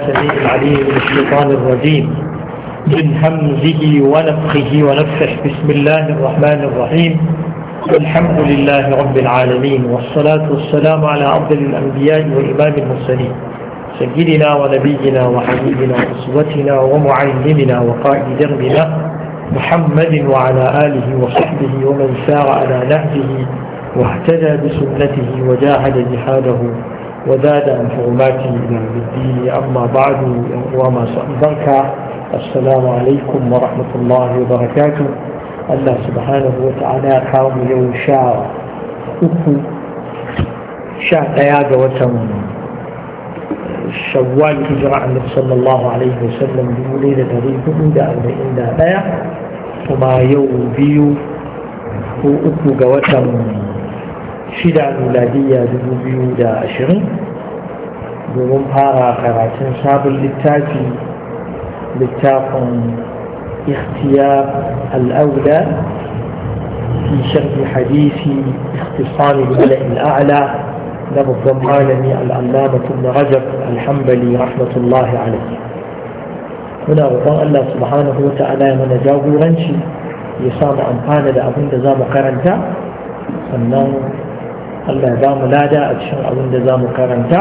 السميع العليم من الشيطان الرجيم من همزه ونفخه ونفخه بسم الله الرحمن الرحيم الحمد لله رب العالمين والصلاة والسلام على أفضل الأنبياء وإمام المرسلين سيدنا ونبينا وحبيبنا وأسوتنا ومعلمنا وقائد دربنا محمد وعلى آله وصحبه ومن سار على نهجه واهتدى بسنته وجاهد جهاده وزاد عن حرمات الدين أما بعد وما سألك السلام عليكم ورحمة الله وبركاته الله سبحانه وتعالى قام يوم شاء أكو شاء قيادة وتم شوال إجراء النبي صلى الله عليه وسلم بوليلة دريب من دائما إلا بيع وما يوم بيو أكو قوتم شدة miladiyya dubu عشرين da ashirin domin صاب للتاجي للتاقم اختيار الأولى في شرح حديث اختصام الملأ الأعلى لابد العالمي العلامة ابن رجب الحنبلي رحمة الله عليه هنا وقال الله سبحانه وتعالى من جاوب رنشي يصاب أن قال لأبن دزام قرنتا sannan Allah ya ba mu lada a cikin abin da za mu karanta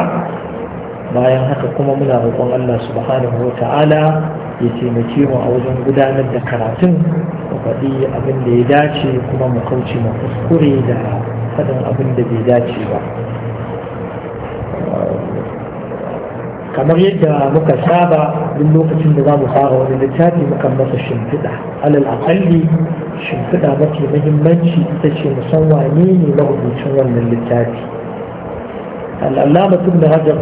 bayan haka kuma muna roƙon Allah subhanahu wa ta'ala ya taimake mu a wajen gudanar da karatun mu faɗi abin da ya dace kuma mu kauce mu kuskure da faɗin abin da bai dace ba kamar yadda muka saba duk lokacin da za mu fara wani littafi muka masa shimfiɗa alal aƙalli shimfiɗa mafi mahimmanci ita ce musan wane ne marubucin wannan littafi al'allama tun da hajar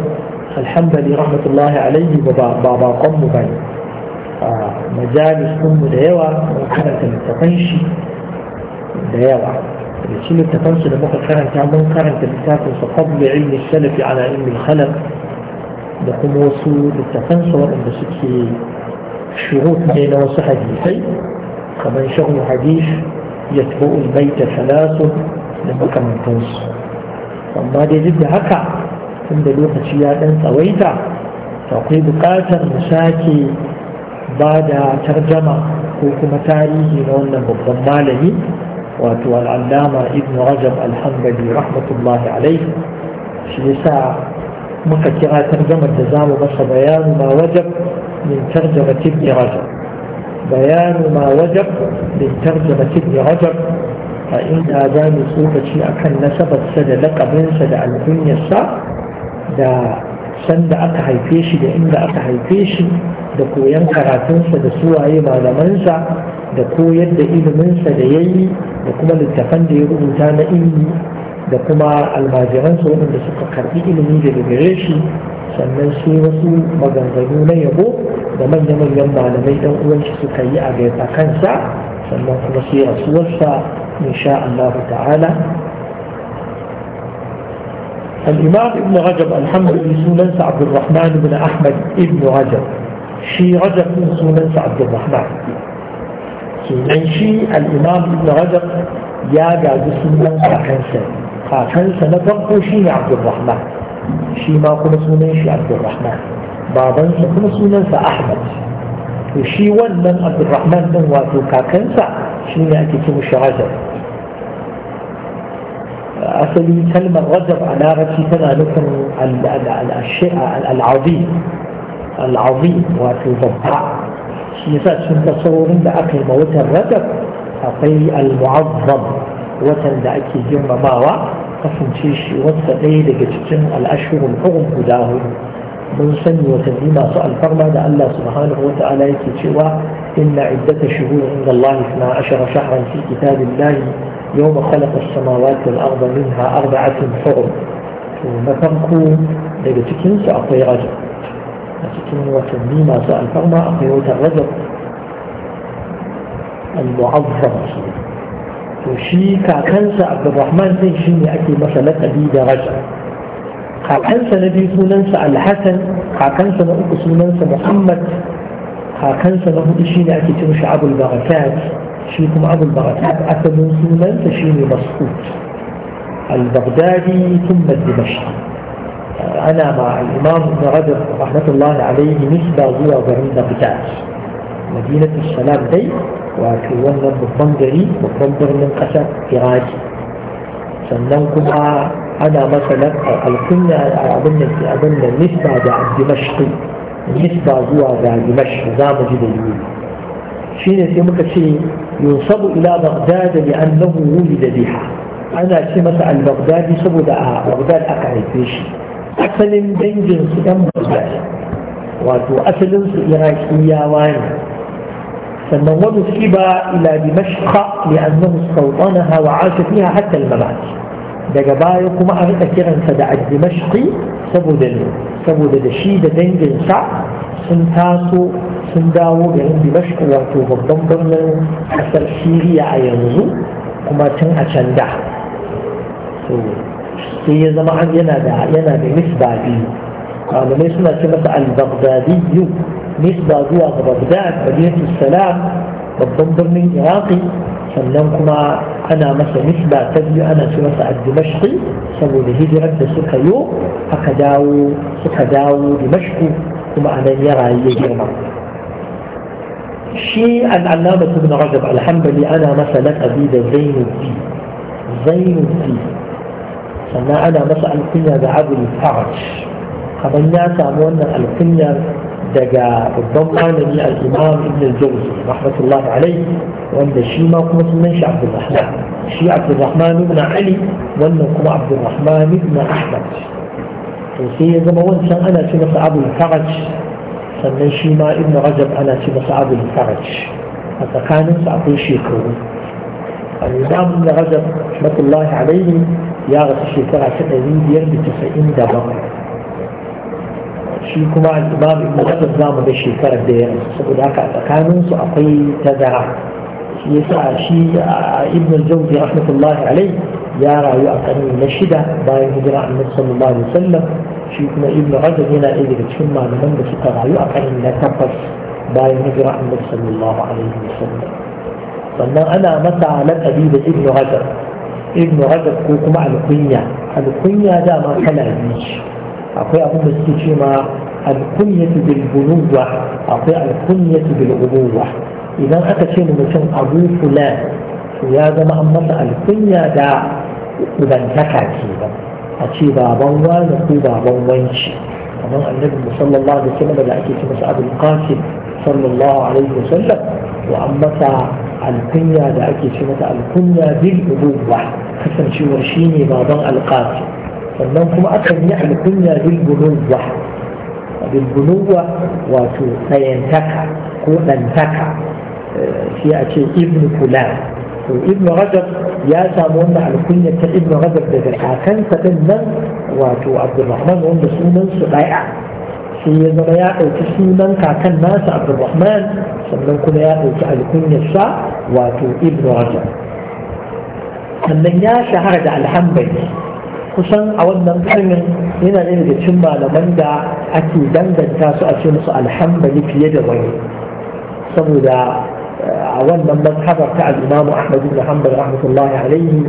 alhambali rahmatullahi alaihi ba ba bakon mu ba ne a majalis mu da yawa mun karanta littafan shi da yawa da shi littafan su da muka karanta mun karanta littafin sa qabla ilmi salafi ala ilmi khalaq da kuma wasu littafansa waɗanda suke shurut ne na wasu hadisai kamar shan hadis ya tabo ulbaita salasu da makamantansu amma dai duk da haka tunda lokaci ya ɗan tsawaita akwai buƙatar mu sake ba da tarjama ko kuma tarihi na wannan babban malami wato al'allama ibn rajab alhambali rahmatullahi alaihi shi sa. muka kira gama da zamu masa bayanu ma wajab min tarjamatin irajab bayanu ma wajab min tarjamatin irajab a inda za mu tsokaci a kan nasabarsa da laƙabinsa da sa, da sanda aka haife shi da inda aka haife shi da koyon karatunsa da suwaye malamansa da koyar da iliminsa da ya yi da kuma littafan da ya rubuta na ilimi da kuma almajiran su wanda suka karbi ilimi daga gare shi sannan sai wasu maganganu na yabo da manya-manyan malamai ɗan uwanci suka yi a gaisa kansa sannan kuma sai rasuwarsa insha Allah ta'ala الإمام ابن رجب الحمد لله عبد الرحمن بن أحمد ابن رجب شي رجب من سنن عبد الرحمن سنن شي الإمام ابن رجب يا قاعد سنن عبد الرحمن عبد عبد عبد الرحمن الرحمن الرحمن 啊，陈什么光顾信仰就是什么？西马库的苏内是阿布拉曼，巴本什么苏内是阿哈曼，有西万门阿布拉曼东瓦杜卡肯萨，西面就是十二人。أصل كلمة غضب على رأسي كان لكم الشيء العظيم العظيم وفي ضبع شيء سنتصور عند أكل موت الرجب أقي المعظم watan da ake girmamawa kasance shi wata ɗaya daga cikin al'ashirul hurum guda hudu mun sani watanni masu alfarma da Allah subhanahu wa ta'ala yake cewa inna iddata shuhur inda Allah na ashara shahran fi kitabillahi yawma khalaqa as-samawati wal arda minha arba'atun hurum to na farko daga cikin su akwai rajab a cikin watanni masu alfarma akwai wata rajab al-mu'azzam to shi kakansa abdurrahman din shi ne ake masa laƙabi da raja kakansa na biyu sunansa alhassan kakansa na uku sunansa muhammad kakansa na hudu shi ne ake cin shi abul barakat shi kuma abul barakat asalin sunansa shi ne mas'ud al-baghdadi thumma dimashq ana ma al-imam رجب رحمة الله عليه نسبة زوى غريب بتاعي madinatu salam dai wato wannan babban gari babban birnin ƙasar iraki sannan kuma ana masa alkunya abin da ke abin da nisba da dimashku nisba zuwa ga dimashku za mu ji da yiwu shi ne sai muka ce yunsabu ila bagdad li annahu wulida biha ana ce masa al-baghdadi saboda a bagdad aka haife shi asalin dangin su dan bagdad wato asalin su irakiyawa ne ثم ونسب إلى دمشق لأنه استوطنها وعاش فيها حتى الممات دقبايا كما أرد كيرا فدع الدمشقي سبود سبود دشيد دنجل سع سنتاسو سنداو بهم دمشق واتو ببن برن أثر سيريا أينزو كما تن أشندا sai zama yana da yana da nisba biyu malamai suna ce masa al-baghdadiyyu نسبة دوا بغداد مدينة السلام بالضبر من عراقي سلمكما أنا مسا نسبة تدي أنا سمسا الدمشقي سمو لهجرة سكيو أكداو سكداو دمشق كما أنا يرى يجرم شيء أن علامة ابن رجب الحنبلي أنا مثلا أبي زين الدين زين الدين سنة أنا مثلا كنا بعبد الفرج kamar ya samu wannan alkunyar daga babban malami al-imam ibn al-jawzi rahmatullah alayhi wanda shi ma kuma sunan shi abdurrahman shi abdurrahman ibn ali wannan kuma abdurrahman ibn ahmad to sai ya zama wancan ana ce masa abu faraj sannan shi ma ibn rajab ana ce masa abu faraj a tsakaninsu akwai shekaru al-imam ibn rajab rahmatullah alayhi ya rasu shekara ta 597 shi kuma imam ibn Hajar za mu da shekarar da ya saboda haka a su akwai tazara shi yasa shi ibn Jawzi rahmatullahi alai ya rayu a karni na shida bayan hijira annabi sallallahu alaihi wasallam shi kuma ibn Hajar yana ɗaya daga cikin malaman da suka rayu a karni na takwas bayan hijira annabi sallallahu alaihi wasallam sannan ana masa laƙabi da ibn Hajar ibn Hajar ko kuma al-kunya alkunya alkunya dama kala biyu akwai abin da suke ce ma alkunyatu bil buluwa akwai alkunyatu bil ubuwa idan aka ce mu mutum abu fulan to ya zama an masa alkunya da ubantaka ke ba a ce baban wani ko baban wanci kamar annabi musallallahu alaihi wasallam da ake ce masa abul qasim sallallahu alaihi wasallam wa an masa alkunya da ake ce masa alkunya bil ubuwa kasancewar shine baban alqasim فالنوكم أكثر نعم الدنيا للبنوة للبنوة وسينتكى كون انتكى في أشياء ابن فلان وابن رجب يا سامون على كل ابن رجب ده الحاكم فتنا وتو عبد الرحمن وهم سونا سقيع في زريعة وتسونا كان ناس عبد الرحمن سمنا كل يا وتعال كل الشا وتو ابن رجب أن يا شهر على الحمد لله kusan a wannan karnin yana ɗaya daga cin malaman da ake danganta su a ce musu alhambali fiye da wani saboda eh, a wannan mazhabar ta al'imamu ahmad ibn hanbal rahmatullahi alaihi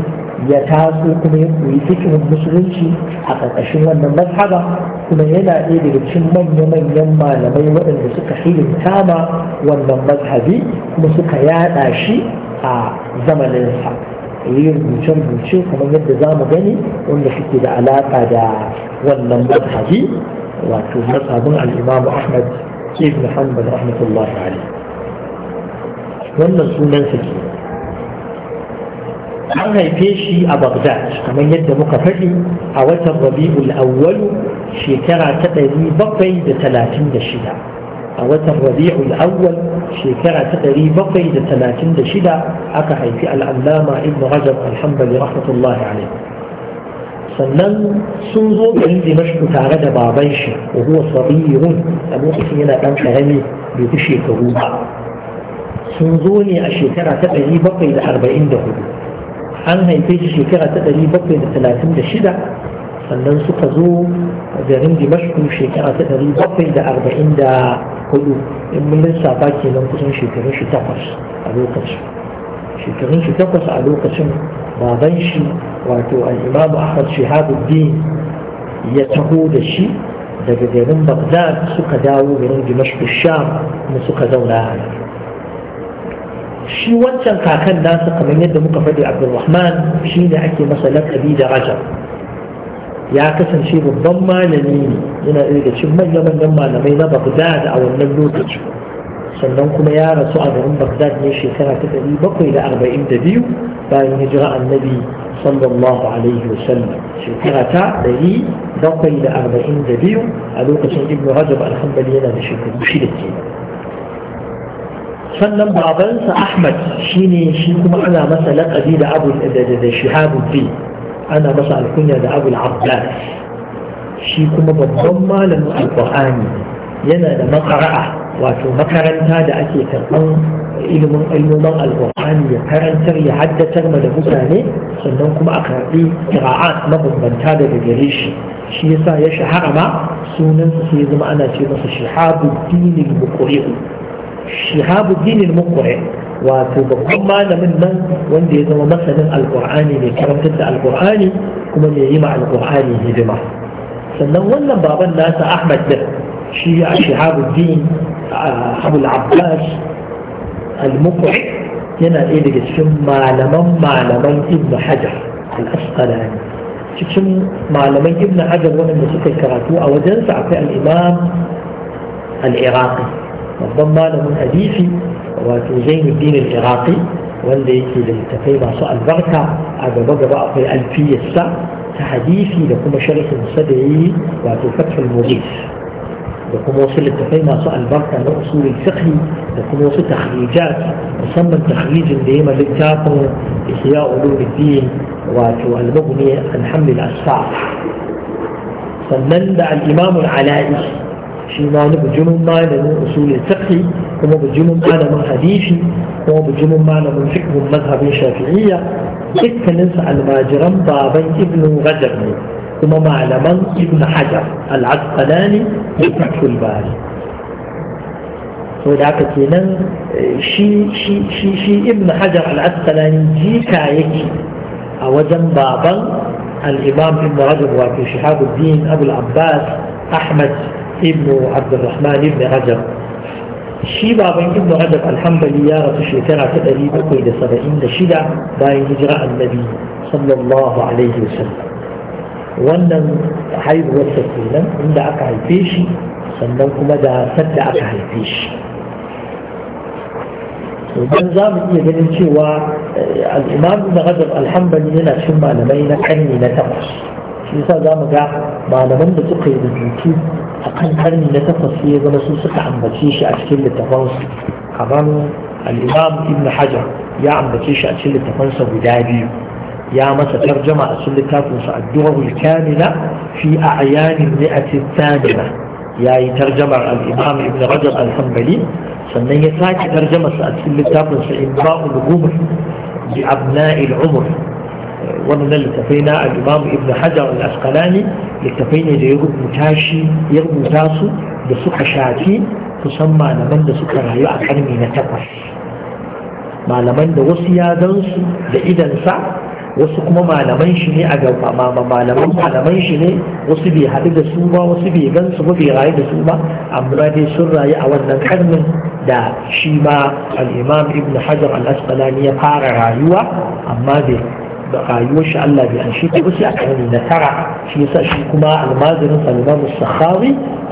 ya taso kuma ya koyi fikihin musulunci a ƙarƙashin wannan mazhaba kuma yana ɗaya daga cikin manya-manyan malamai waɗanda suka hilimta ma wannan mazhabi kuma suka yaɗa shi a zamaninsa yin rubuce-rubuce kamar yadda za mu gani wanda suke da alaƙa da wannan mazhabi wato mazhabin al'imam ahmad ibn hanbal Rahmatullah alaihi wannan sunansa ke an haife shi a Baghdad kamar yadda muka faɗi a watan Rabi'ul Awwal shekara ta ɗari bakwai da talatin da shida أوتر ربيع الأول شكرا تقري بقي لتلاتين دشدا أكحي في العلامة ابن رجب الحنبلي رحمة الله عليه sannan sun zo garin dimashku tare da baban shi wa huwa sabirun a lokacin yana ɗan karami bai fi shekaru ba sun zo ne a shekara ta ɗari bakwai da arba'in da hudu an haife shi shekara ta ɗari bakwai da talatin da shida sannan suka zo garin dimashku shekara ta ɗari bakwai da arba'in da hudu in mun lissafa kenan kusan shekarun shi takwas a lokacin shekarun shi takwas a lokacin baban shi wato al'imamu ahmad shahabuddin ya taho da shi daga garin bagdad suka dawo garin dimashku sham kuma suka zauna shi wancan kakan nasa kamar yadda muka faɗi abdulrahman shi ne ake masa lakabi da rajab ya kasance babban malami ne yana ɗaya da cin manya manyan malamai na bagdad a wannan lokaci sannan kuma ya rasu a garin bagdad ne shekara ta ɗari bakwai da arba'in da biyu bayan hijira annabi sallallahu alaihi wasallam shekara ta ɗari bakwai da arba'in da biyu a lokacin ibn rajab alhambali yana da shekaru shida ke sannan babansa ahmad shine shi kuma ana masa laƙabi da abu da shihabuddin ana masa alkunya da abul abbas shi kuma babban malamin alkur'ani yana da makara'a wato makaranta da ake karɓan ilimin ilmomin alkur'ani ya karantar ya haddatar ma da mutane sannan kuma a karɓi kira'at mabambanta daga gare shi shi yasa ya shahara ma sunansa sai zama ana ce masa shihabuddin al-muqri shihabuddin al-muqri wato babban malamin nan wanda ya zama masanin alkur'ani ne karantar da alkur'ani kuma mai yi ma alkur'ani hidima sannan wannan baban nasa ahmad din shi a shahabuddin abul abbas al-muqri yana ɗaya daga cikin malaman malaman ibnu hajar al-asqalani cikin malaman ibnu hajar wanda suka karatu a wajensa akwai al-imam al-iraqi الضمان من حديث واتو الدين العراقي والذي يكي لنتفيبا سأل بركة أبا بقى في الألفية السا تحديثي لكم شرح السدعي واتو فتح المغيث لكم وصل التفيما سأل بركة لأصول الفقه لكم وصل تخريجات وصمم تخريج ديما لكاكم إحياء علوم الدين واتو المبني عن حمل الأسفار فمن دع الإمام العلائي shi ma wani bujumin malamin usulul fiqh kuma bujumin malamin hadisi kuma bujumin malamin fiqhin mazhabin shafi'iyya dukkanin su almajiran baban ibnu rajab ne kuma malaman ibnu hajar al-asqalani da fathul bari so da haka kenan shi shi shi shi ibnu hajar al-asqalani jika yake a wajen baban al-imam ibnu rajab wato shihabuddin abul abbas ahmad ابن عبد الرحمن بن رجب شي بابين ابن رجب الحمد لله يارت الشيطان كدري بقيد سبعين شدع باين هجراء النبي صلى الله عليه وسلم وانا حيب وستكونا عند اقع الفيش سنوكما دا سد اقع الفيش وبن زام يدني إيه شوى الامام ابن رجب الحمد لله شما لمينا كني نتقص shi yasa za mu ga malaman da suka yi rubutu a kan karni na takwas ya zama su suka ambace shi a cikin littafansu kamar al'imam ibn hajar ya ambace shi a cikin littafansa guda biyu ya masa tarjama a cikin littafinsa addu'a kamila fi a a'yanin ni'atin tamina ya yi tarjamar al'imam ibn rajab al-hanbali sannan ya sake tarjamarsa a cikin littafinsa imba'ul umr bi abna'il umur wannan littafai na al ibn hajar al littafai ne da ya rubuta shi ya rubuta su da suka shafi kusan malaman da suka rayu a karni na takwas malaman da wasu ya gan su da idansa wasu kuma malaman shi ne a gaba malaman malaman shi ne wasu bai haɗu da su ba wasu bai gan su ba bai rayu da su ba amma dai sun rayu a wannan karnin da shi ma al ibn hajar al-asqalani ya fara rayuwa amma bai rayuwar shi Allah bai an shi ta ba sai aka yi na tara shi yasa shi kuma almazirin Salman Sakhawi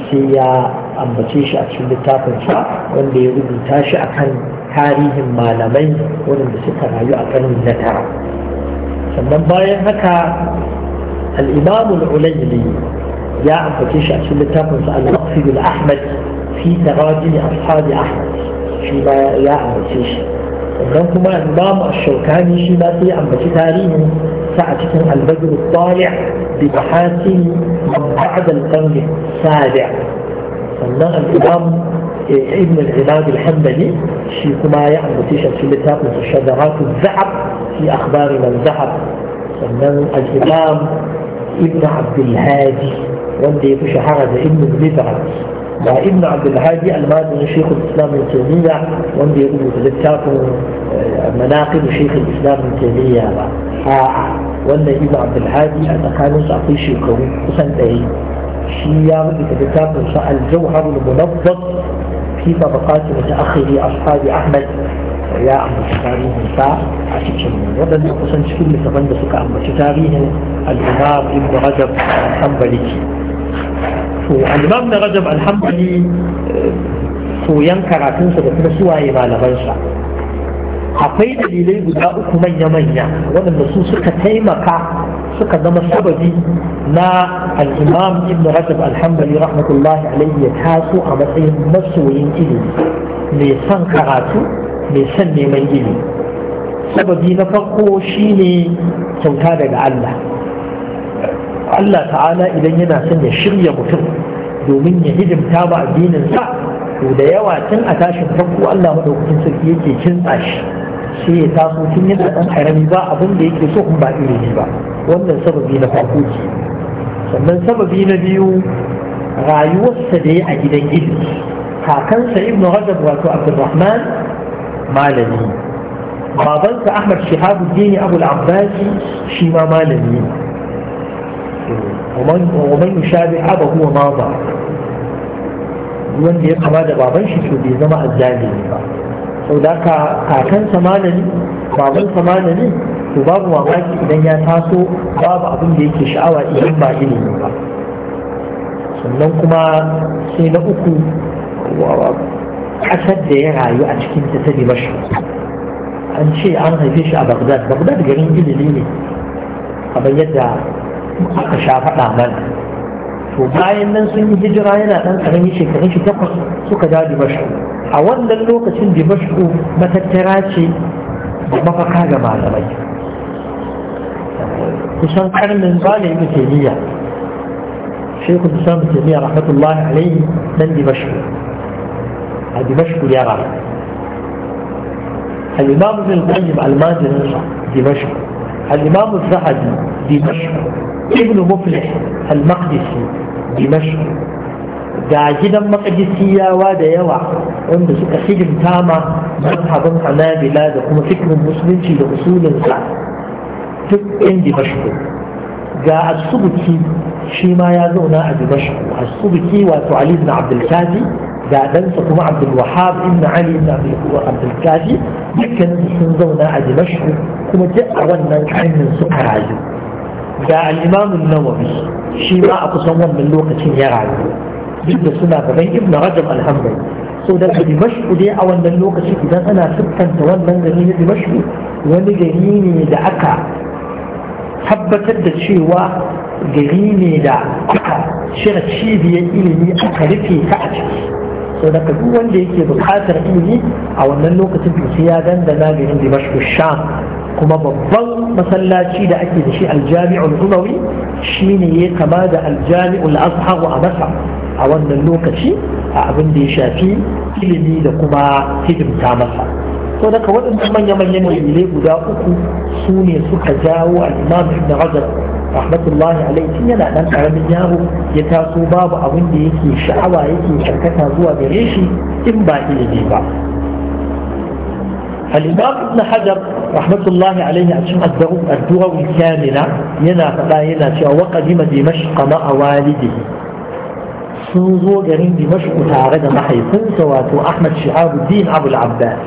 sai ya ambace shi a cikin littafin sa wanda ya rubuta shi akan tarihin malamai waɗanda suka rayu a karni na tara sannan bayan haka al-Imam al-Ulayli ya ambace shi a cikin littafin sa al-Maqsid al-Ahmad fi tarajim ashab Ahmad shi ba ya ambace shi sannan kuma imamu ash-shawkani shi ba sai an baci tarihin sa a cikin al-badr al-tali' bi bahasin man ba'da al-qarn al-sadi' sannan al-imam ibn al ibad al-hanbali shi kuma ya ambaci shi cikin littafin shadarat al-zahab fi akhbar al-zahab sannan al-imam ibn abd al-hadi wanda ya fi shahara da ibn al-mizraj ba ibn abdulhaji almajirin shekhu islam mai taimiyya wanda ya rubuta littafin eh, manaƙin shekhu islam taimiyya ba a'a wannan ibn abdulhaji a tsakaninsu akwai shekaru kusan ɗaya shi ya rubuta littafin sa aljauharul munabbab fi tabaqat mutaakhiri ashabi ahmad ya ambaci tarihin sa a cikin waɗanda kusan cikin littafan da suka ambaci tarihin al-imam ibn rajab hanbali to al na rajab alhambali koyan eh, karatunsa da kuma suwaye malamansa akwai dalilai guda uku manya-manya waɗanda su suka taimaka suka zama sababi na al'imam ibn rajab alhambali rahmatullahi alaihi ya taso a matsayin masoyin ilimi mai son karatu mai son neman ilimi sababi na farko shine kyauta daga Allah Allah ta'ala idan yana son ya shirya mutum domin ya hidimta ba addinin sa to da yawa tun a tashin farko Allah madaukakin sarki yake kintsa shi sai ya taso tun yadda dan harami ba abin da yake so in ba ilimi ba wannan sababi na farko ce sannan sababi na biyu rayuwarsa da ya a gidan ilimi kakansa ibn Rajab wato Abdulrahman malami babansa Ahmad Shihabuddin abul al-Abbasi shi ma malami ne ومن ومن يشابه أبه وما ظهر wanda ya kama da baban shi to bai zama azzalimi ba sau da ka kakan samanani baban samanani to babu mamaki idan ya taso babu abin yake sha'awa idan ba ilimi ba sannan kuma sai na uku ƙasar da ya rayu a cikin ta ta an ce an haife shi a bagdad bagdad garin ilimi ne kamar yadda aka sha faɗa mana to bayan nan sun yi hijira yana ɗan ƙarami shekarun shi takwas suka da dimashku a wannan lokacin dimashku matattara ce da mafaka ga malamai kusan karnin zane ibn taymiya shekul islam ibn taymiya rahmatullahi alaihi dan dimashku a dimashku ya rayu الإمام ابن القيم المازني دمشق الإمام الذهبي الدين ابن مفلح المقدسي دمشق ga gidan makadisiyawa da yawa wanda suka hidimta ma mazhabin hanabila da kuma fikirin musulunci da usulinsa duk yan dimashku ga asubuki shi ma ya zauna a dimashku asubuki wato ali ibn abdulkazi ga ɗansa kuma abdulwahab ibn ali ibn abdulkazi dukkanin sun zauna a dimashku kuma duk a wannan karnin suka rayu da al'imamun nawawi shi ma a kusan wannan lokacin ya rayu duk da suna gaban ibn rajab alhamdulillah so da dimashku dai a wannan lokaci idan ana siffanta wannan gari na dimashku wani gari ne da aka tabbatar da cewa gari ne da aka shirya cibiyar ilimi aka rufe ta a ciki sau da duk wanda yake bukatar ilimi a wannan lokacin to sai ya dandana garin dimashku sham kuma babban masallaci da ake da shi aljami'ul umawi shine ya kama da aljami'ul azhar a masa a wannan lokaci a abin da ya shafi ilimi da kuma hidimta masa to daga waɗannan manya-manyan walilai guda uku su ne suka jawo al-imam ibn rajab rahmatullahi alaihi tun yana dan karamin yaro ya taso babu abin da yake sha'awa yake karkata zuwa gare shi in ba ilimi ba الإمام ابن حجر رحمة الله عليه أشم yana الكاملة ينا فلا ينا شو وقدم دمشق مع والده sun zo garin Dimashku tare da mahaifinsa wato Ahmad Shahabuddin Abu al-Abbas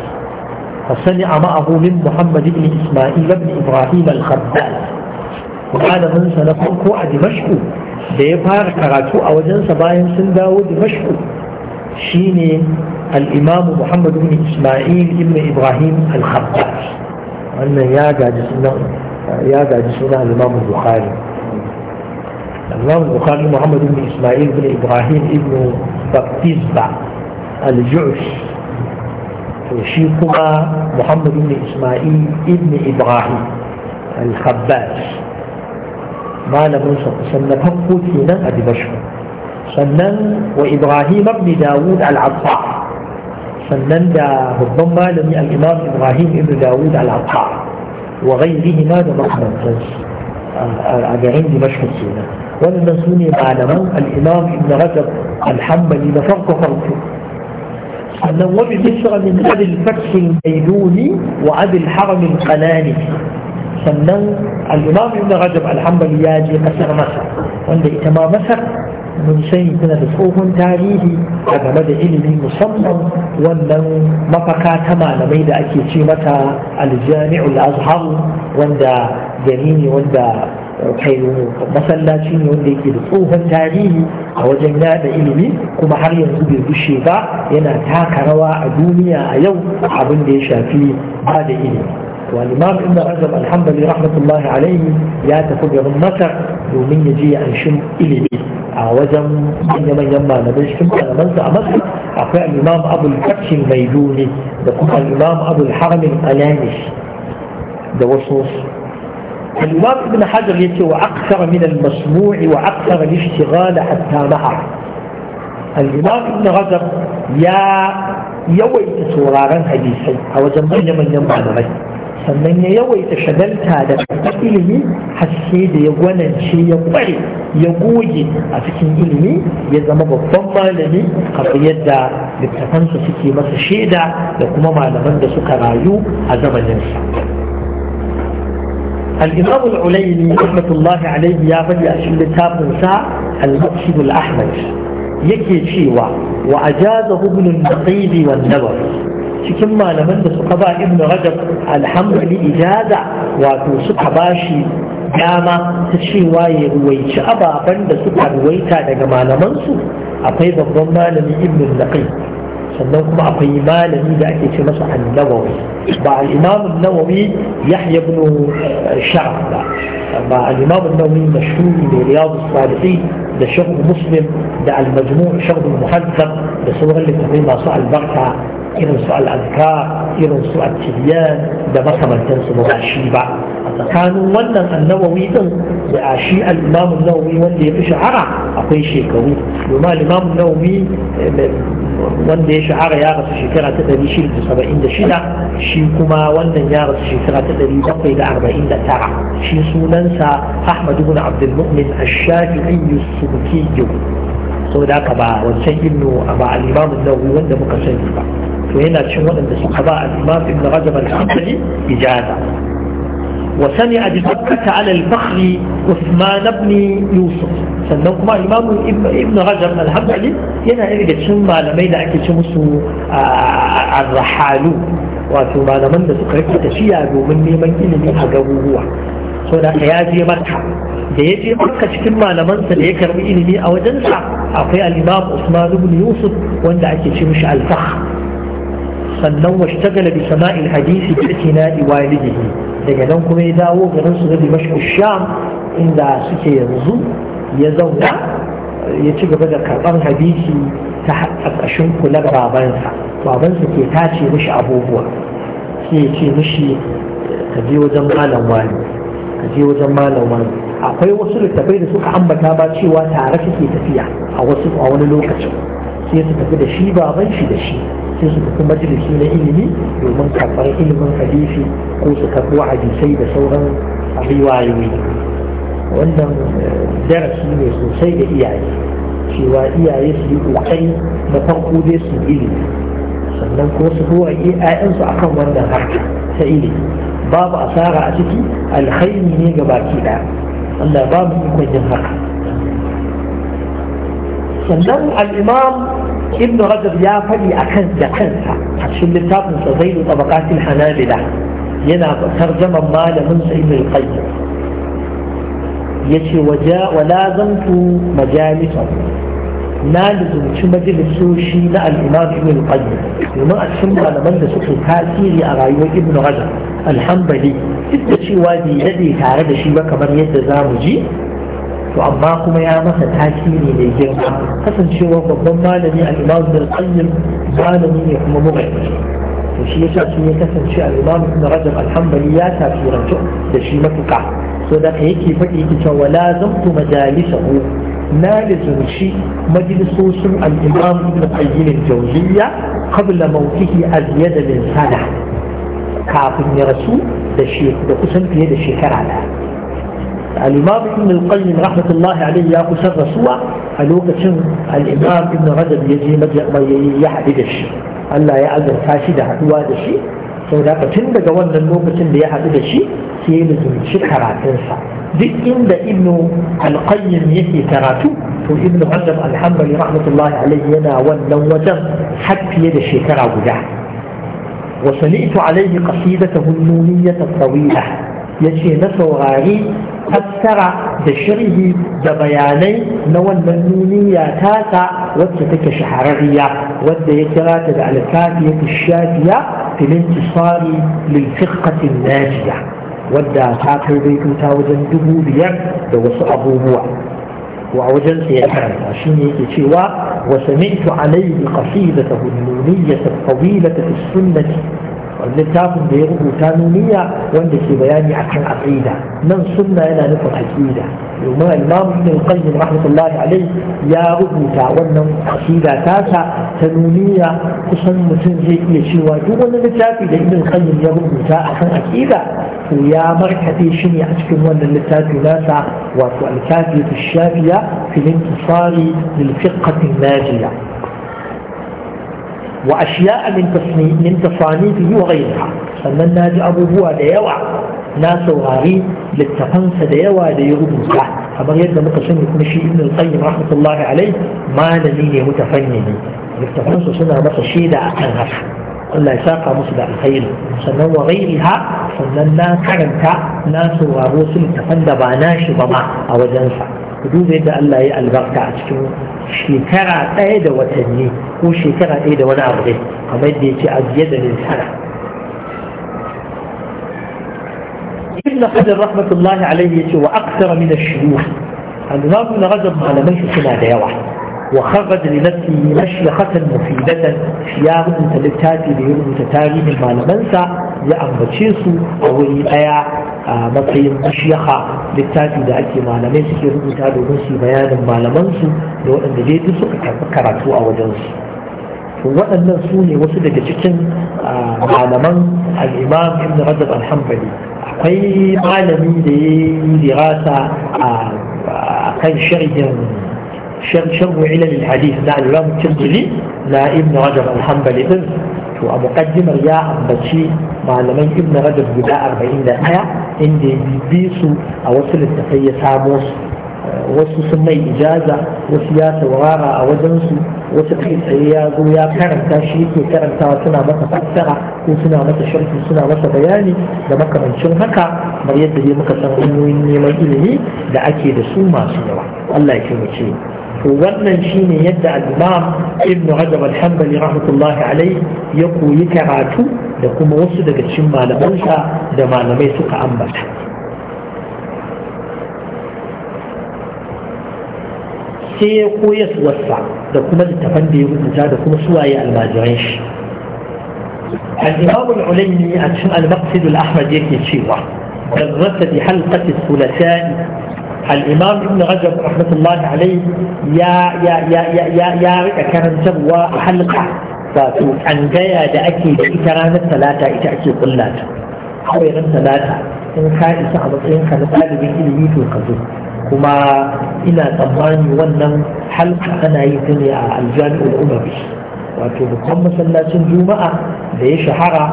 fa sami'a ma'ahu min Muhammad ibn Isma'il ibn Ibrahim al-Khabbal wa qala man sanaku ku a Dimashku da ya fara karatu a wajensa bayan sun dawo Dimashku shine الإمام محمد بن إسماعيل بن إبراهيم الخباز وأن يا سنة يا الإمام البخاري الإمام البخاري محمد بن إسماعيل بن إبراهيم بن بابتيزبا الجعش وشيخها محمد بن إسماعيل بن إبراهيم الخباز ما لم kusan سنة farko kenan a Dimashq sannan wa Ibrahim sannan da babban malami al'imam ibrahim ibn dawud al'aqa wa ghairihi ma da makamantansu a garin dimashq kenan wannan su ne malaman al'imam ibn rajab alhambali na farko farko sannan wabi bisra min abil fathin bailuni wa abil haramin qalani sannan al'imam ibn rajab alhambali ya je kasar masar wanda ita ma masar mun sani tana da tsohon tarihi a game da ilimi musamman wannan mafaka ta malamai da ake ce mata aljami'ul azhar wanda gani ne wanda eh, kai masallaci ne wanda yake da tsohon tarihi a wajen yada ilimi kuma har yanzu bai gushe ba yana taka rawa a duniya a yau abin da ya shafi ba da ilimi والإمام ابن رجب الحنبلي رحمة الله عليه يا تفجر مصر ومن يجي أنشم إليه a wajen manya-manyan malamai cikin malamansa a masu akwai al'imam abul kacin mai duni da kuma al'imam abul haramin alanish da wasu الإمام ابن حجر يتي وأكثر من المسموع وأكثر الاشتغال حتى معه الإمام ابن حجر يا يويت سورارا حديثي أو زمان من يمعنى sannan ya yawaita shagalta da ilimi haske da ya gwanance ya kware ya goge a cikin ilimi ya zama babban malami kamar yadda littafansa suke masa shaida da kuma malaman da suka rayu a zamaninsa الإمام العليني رحمة الله عليه يا بني أشل تابنسا المقصد الأحمد يكي شيوا وأجازه ابن النقيب والنووي cikin malaman da suka ba ibnu rajab alhamdulillah ijaza wato suka bashi dama ta cewa ya ruwaici ababen da suka ruwaita daga malamansu akwai babban malami ibn naqi sannan kuma akwai malami da ake ce masa an ba al-imam an-nawawi yahya ibn ba مع الإمام النووي المشهور لرياض الصالحين ده شغل مسلم ده المجموع شغل المحذب ده صور اللي تقريبا مع صاحب البركة إذن سؤال الأذكار إذن سؤال التبيان ده مثلا تنسى مضع بعد كانوا ولا النووي ده لأشياء الإمام النووي واللي يشعر أقوي كوي وما الإمام النووي wanda ya shahara يا rasu shekara ta ɗari shida da saba'in da shida shi kuma wannan ya rasu shekara ta ɗari bakwai da arba'in da tara ننسى أحمد بن عبد المؤمن الشافعي السبكي سو ذاك وسيدنا أبا الإمام النووي وند مقصيد با فهنا تشمل أن سقباء الإمام ابن رجب الحمد إجازة وسمع الدكة على البخر عثمان بن يوسف سنقوم الإمام ابن ابن رجب الحنبلي ينا إذا تشمل لمين أكيد تشمل الرحالون وثم من سقريت تشيعه من من إلى من so da ya je makka da ya je makka cikin malamansa da ya karbi ilimi a wajensa akwai al-imam usman ibn yusuf wanda ake ce mishi al-fakh sannan washtagala bi sama'il hadisi bi itina'i walidihi daga nan kuma ya dawo garin su da dimashq sham inda suke yanzu ya zauna ya ci gaba da karban hadisi ta ƙarƙashin kula babansa babansa ke tace mishi abubuwa sai ya ce mishi ka je wajen malam wali. ka je wajen malaman akwai wasu littafai da suka ambata ba cewa tare suke tafiya a wasu a wani lokacin sai su tafi da shi ban shi da shi sai su tafi majalisi na ilimi domin karɓar ilimin hadisi ko su karɓi hadisai da sauran riwayoyi wannan eh, darasi ne sosai ga iyaye cewa iyaye su yi ƙoƙari na farko dai su ilimi sannan ko su kowa 'ya'yansu akan wannan harka ta ilimi babu asara a ciki alkhairi ne ga baki da Allah ba mu ikon yin haka sannan al ibn rajab ya faɗi a kan da kansa a cikin littafin sa zaidu tabaqatil hanabila yana tarjaman malamin sa ibn qayyim yace waja wala zamtu majalisa na lizumci majalisoshi na al-imam ibn qayyim domin a cikin malaman da suke tasiri a rayuwar ibn rajab alhambali duk da cewa bai daɗe tare da shi ba kamar yadda za mu ji to amma kuma ya masa tasiri mai girma kasancewa babban malami al'imamu da tsayin malami ne kuma mugaye to shi yasa shi ya kasance al'imamu ibn rajab alhambali ya tasirantu da shi matuƙa so da yake faɗi yake cewa la zamtu majalisahu na da zunci majalisosin al'imam ibn qayyim jawziya qabla mawtihi azyada min sana كافر يرسو دا قسم في هذا الشكر على الإمام ابن القيم رحمة الله عليه يا قسم رسوة الوقت شن الإمام ابن رجب يجي مجأ ما يحدد الشيء ألا يعلم فاسدة حدوى هذا الشيء فهنا قسم دا قوانا الوقت شن ليحدد الشيء سيلزم شكرا تنسى ذي إن دا ابن القيم يحي تراتو وابن رجب الحنبلي رحمة الله عليه ينا ونوجا حد في هذا الشيء وسمعت عليه قصيدته النونية الطويلة يشي نسو غاري أكثر بشره دبياني نوى النونية تاتا وتتك شحرية ود يترات على الكافية الشافية في الانتصار للفقة الناجية ودى تاتا بيكو تاوزن دبو دوس أبو أبوه وعوجن سيحرم عشان يتشوى وسمعت عليه قصيدته النونية الطويلة في السنة littafin da ya rubuta nuniya wanda ke bayani akan aqida nan sunna yana nufin aqida domin imam ibn qayyim rahmatullahi alayhi ya rubuta wannan aqida tasa ta nuniya kusan mutum zai iya cewa duk wani littafi da ibn qayyim ya rubuta akan aqida to ya markade shi ne a cikin wannan littafi nasa wato al-kafiyatu shafiya fi al-intisari lil واشياء أ ش من, تصانيفه وغيرها فما الناس ابو هو ليوع ناس وغريب للتقنص ليوع ليغبوك اما يد م ت ص ن ف ن ابن القيم ر الله عليه ما نميه متفنن للتقنص سنه ن ص ش ي د ا الخير سنو غيرها سننا كرمك ناس وغروس التفن دبا ناشي بما اوزنسا ودوز يد الله يالبغك اشكو shekara ɗaya da watanni ko shekara ɗaya da wani abu kamar da ya ce a biye da nisana ibn hajar rahmatullahi alaihi ya ce wa aksara min shiru shuyukh al-imam ibn rajab malaman shi suna da yawa وخرج لنفسه مشيخة مفيدة يا رب تلتاتي ليرمي تتاريخ المعلمان يا أم بتشيسو أو الآية a matsayin mashiyaka littafi da ake malamai suke rubuta domin su bayanin malamansu da waɗanda dai duk suka karɓi karatu a wajensu waɗannan su ne wasu daga cikin malaman al'imam ibn rajab alhambali akwai malami da ya yi dirasa a kan sharhin sharhin ilal hadith na al'imam tirmidhi na ibn rajab alhambali din to a muqaddimar ya ambaci malaman ibn rajab guda arba'in da ɗaya inda ya bi su a wasu littattafai ya samo su eh, wasu sun mai ijaza wasu ya saurara a wajensu wasu kai tsaye ya zo ya karanta shi yake karantawa suna masa fassara ko suna masa sharhi suna masa bayani da makamancin haka kamar yadda dai muka san hanyoyin neman ilimi da ake da su masu yawa Allah ya mu ce wannan shine yadda al-imam ibn rajab al-hanbali rahmatullahi alayhi ya koyi karatu da kuma wasu daga cikin malamansa da malamai suka ambata sai ya koya suwarsa da kuma littafan da ya rubuta da kuma suwaye almajiran shi al-imam al-ulaymi a cikin al-maqsid al yake cewa درس بحلقة الثلاثاء الإمام ابن رجب رحمة الله عليه يا يا يا يا يا يا كان سبوا حلقة فاتو أن جاي دا أكي إتران الثلاثة إتا أكي قلات حوير الثلاثة إن كان إسا عمطين كان طالب إلي يتو كذو كما إلى طباني ونم حلقة أنا يتني الجامع الأموي wato babban masallacin juma'a da ya shahara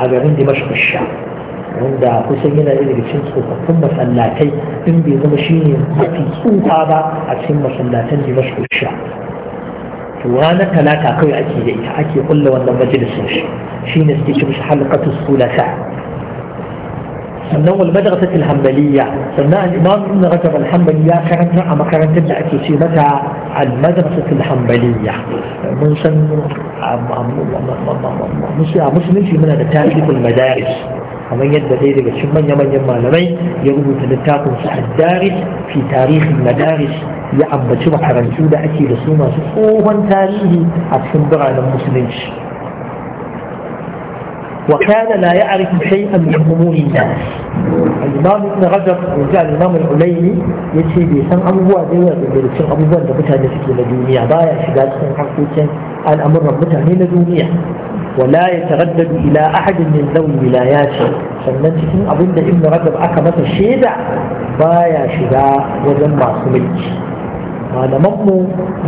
a garin dimashq sha wanda kusan yana da daga cikin tsofaffin masallatai din bai zama shi ne mafi tsufa ba a cikin masallatan da dimashq sha to ranar talata kawai ake da ita ake kulla wannan majalisin shi shi ne suke cikin halqatu sulasa sannan wal madrasat al hanbaliyya sannan al imam ibn rajab al hanbali karanta a makarantar da ake ce mata al madrasat al hanbaliyya mun san a musulunci muna da tarihul madaris kamar yadda ɗaya daga cikin manya-manyan malamai ya rubuta littafin su addaris fi tarihin madaris ya ambaci makarantu da ake da su masu tsohon tarihi a cikin biranen musulunci وكان لا يعرف شيئا من امور الناس الامام ابن رجب رجع الامام العليمي يتي بي سان ابوبوا da yawa da cikin abubuwan da mutane suke na duniya baya shiga cikin harkokin al'amuran mutane na duniya ولا يتردد إلى أحد من ذوي ولاياته sannan cikin abin da ibn rajab aka masa shaida baya shiga wajen masu mulki malamanmu